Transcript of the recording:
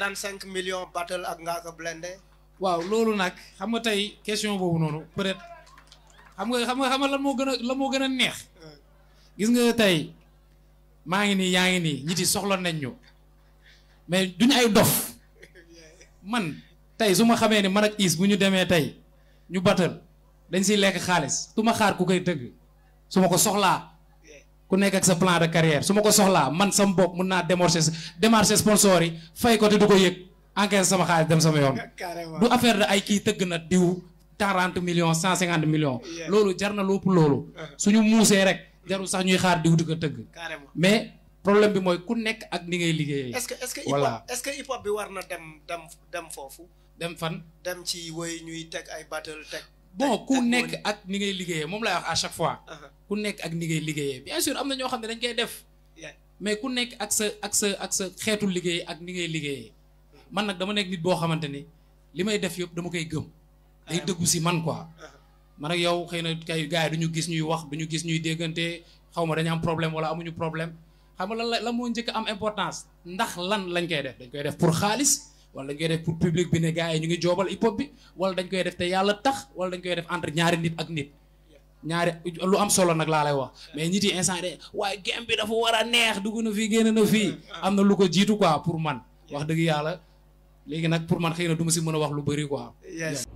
35 millions battle ak Ngaaka Blindé waaw loolu nag xam nga tey question boobu noonu peut-être xam nga xam nga xam nga lan moo gën a lan moo gën a neex gis nga tey maa ngi nii yaa ngi nii ñit yi soxla nañ ñu mais duñu ay dof man tey su ma xamee ni man ak is bu ñu demee tey ñu battal dañ siy lekk xaalis su ma xaar ku koy tëgg su ma ko soxlaa ku nekk ak sa plan de carrière su ma ko soxlaa man sama bopp mun naa démarcher démarcher sponsor yi fay ko te du ko yëg encaisse sama xaalis dem sama yoon. du affaire de ay kii tëgg na diw. 40 cent cinquante million loolu jar na lépp loolu. Uh-huh. suñu muusee rek jarul sax ñuy xaar diw di ko tëgg. mais problème bi mooy ku nekk ak ni ngay liggéeyee. est-ce que est-ce que que hip hop bi war na dem dem dem foofu. dem fan. dem ci woy ñuy teg ay battle teg. bon uh-huh. ku nekk ak ni à chaque fois. ku ak bien sûr am na ñoo dañ koy def. mais ku nekk ak ak sa ak sa xeetu liggéey ak ni ngay liggéeyee. man nag dama nekk nit boo xamante ni def yëpp dama koy gëm. day dëggu si man quoi. Uh-huh. man ak yow xëy kay gars gis ñuy wax gis ñuy am problème wala amuñu problème xam nga lan la importance pour wala dañ koy def pour public bi ne gars yi ñu ngi joobal hip hop bi wala dañ koy def te yàlla tax wala dañ koy def entre ñaari nit ak nit ñaari lu am solo nag laa lay wax mais ñit yi instant de waaye game bi dafa war a neex dugg na fii génn na fii am na lu ko jiitu quoi pour man wax dëgg yàlla léegi nag pour man xëy na du ma si mën a wax lu bëri quoi